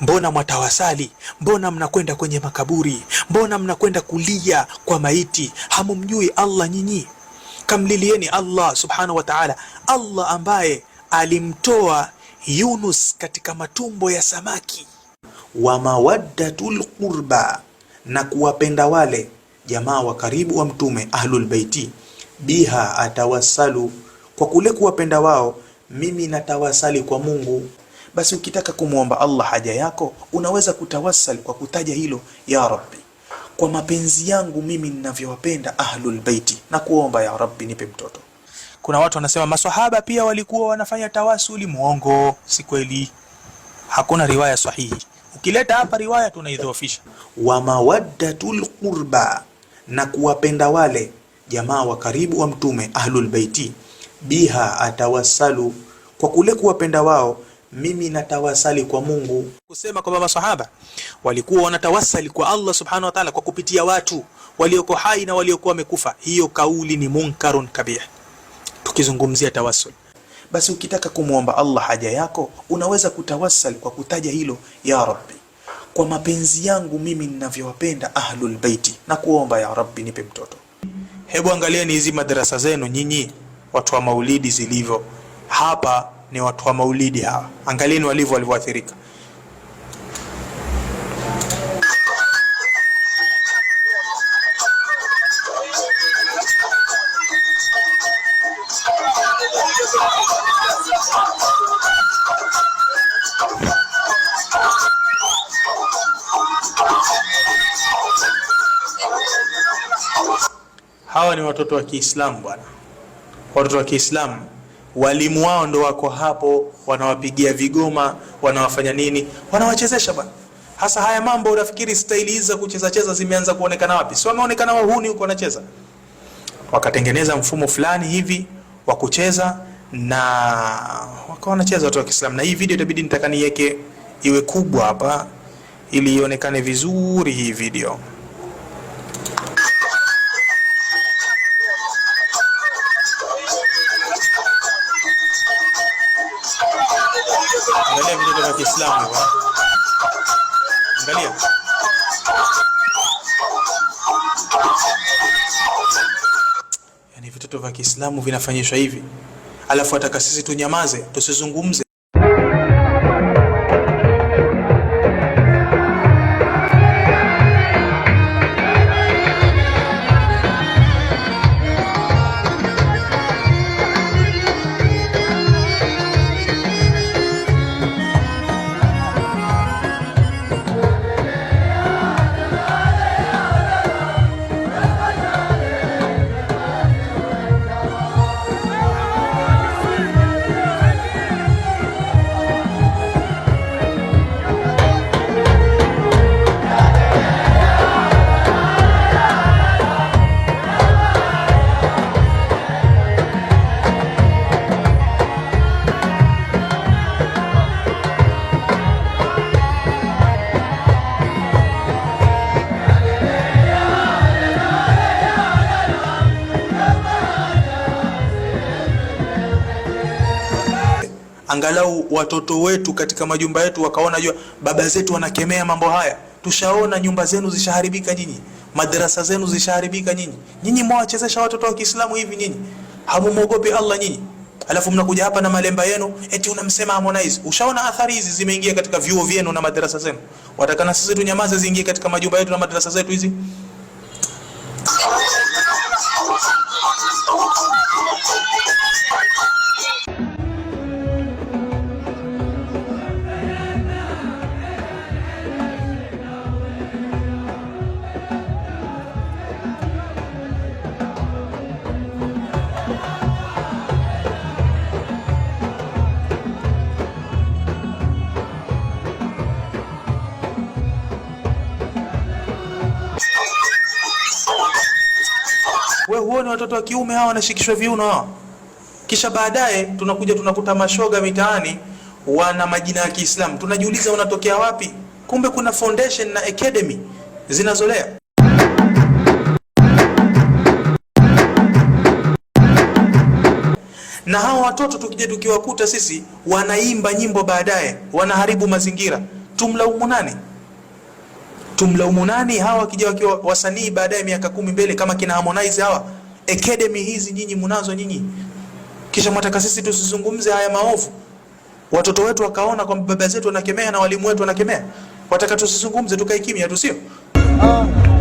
Mbona mwatawasali? Mbona mnakwenda kwenye makaburi? Mbona mnakwenda kulia kwa maiti? Hamumjui Allah nyinyi? Kamlilieni Allah subhanahu wa ta'ala, Allah ambaye alimtoa Yunus katika matumbo ya samaki. Wa mawaddatul qurba, na kuwapenda wale jamaa wa karibu wa mtume ahlul baiti. Biha atawasalu, kwa kule kuwapenda wao mimi natawasali kwa Mungu. Basi ukitaka kumwomba Allah haja yako unaweza kutawassal kwa kutaja hilo, ya Rabbi, kwa mapenzi yangu mimi ninavyowapenda ahlul baiti, na kuomba ya Rabbi, nipe mtoto. Kuna watu wanasema maswahaba pia walikuwa wanafanya tawasuli. Muongo, si kweli, hakuna riwaya sahihi. Ukileta hapa riwaya tunaidhoofisha. wa mawaddatul qurba, na kuwapenda wale jamaa wa karibu wa Mtume ahlul baiti, biha atawassalu, kwa kule kuwapenda wao mimi natawasali kwa Mungu, kusema kwamba masahaba walikuwa wanatawasali kwa Allah subhanahu wa ta'ala kwa kupitia watu walioko hai na waliokuwa wamekufa. Hiyo kauli ni munkarun kabih. Tukizungumzia tawassul, basi ukitaka kumwomba Allah haja yako unaweza kutawassal kwa kutaja hilo, ya Rabbi, kwa mapenzi yangu mimi ninavyowapenda ahlul baiti, na kuomba ya Rabbi nipe mtoto. Hebu angalieni hizi madarasa zenu nyinyi watu wa maulidi zilivyo hapa ni watu wa maulidi hawa. Angalieni walivyo walivyoathirika. Hawa ni watoto wa Kiislamu bwana, watoto wa Kiislamu walimu wao ndo wako hapo, wanawapigia vigoma, wanawafanya nini, wanawachezesha bwana. Hasa haya mambo, unafikiri staili hizi za kucheza cheza zimeanza kuonekana wapi? Si wameonekana wahuni huko wanacheza, wakatengeneza mfumo fulani hivi wa kucheza na wakawa wanacheza watu wa Kiislamu. Na hii video itabidi nitakaniweke iwe kubwa hapa ili ionekane vizuri hii video. vile vya Kiislamu. Eh? Angalia. Yaani vitoto vya Kiislamu vinafanyishwa hivi. Alafu ataka sisi tunyamaze, tusizungumze. angalau watoto wetu katika majumba yetu wakaona jua baba zetu wanakemea mambo haya. Tushaona nyumba zenu zishaharibika nyinyi, madrasa zenu zishaharibika nyinyi, nyinyi mwawachezesha watoto wa Kiislamu hivi nyinyi, hamumogopi Allah nyinyi, alafu mnakuja hapa na malemba yenu eti unamsema Harmonize. Ushaona athari hizi zimeingia katika vyuo vyenu na madarasa zenu, watakana sisi tunyamaze ziingie katika majumba yetu na madarasa zetu hizi? Wewe huoni watoto wa kiume hawa wanashikishwa viuno hawa? Kisha baadaye tunakuja tunakuta mashoga mitaani wana majina ya Kiislamu, tunajiuliza wanatokea wapi? Kumbe kuna foundation na academy zinazolea na hawa watoto tukija tukiwakuta sisi wanaimba nyimbo, baadaye wanaharibu mazingira, tumlaumu nani? tumlaumu nani? Hawa wakija wakiwa wasanii baadaye miaka kumi mbele, kama kina Harmonize hawa, academy hizi nyinyi mnazo nyinyi, kisha mwataka sisi tusizungumze haya maovu, watoto wetu wakaona kwamba baba zetu wanakemea na walimu wetu wanakemea, wataka tusizungumze, tukae kimya tu, sio? Ah.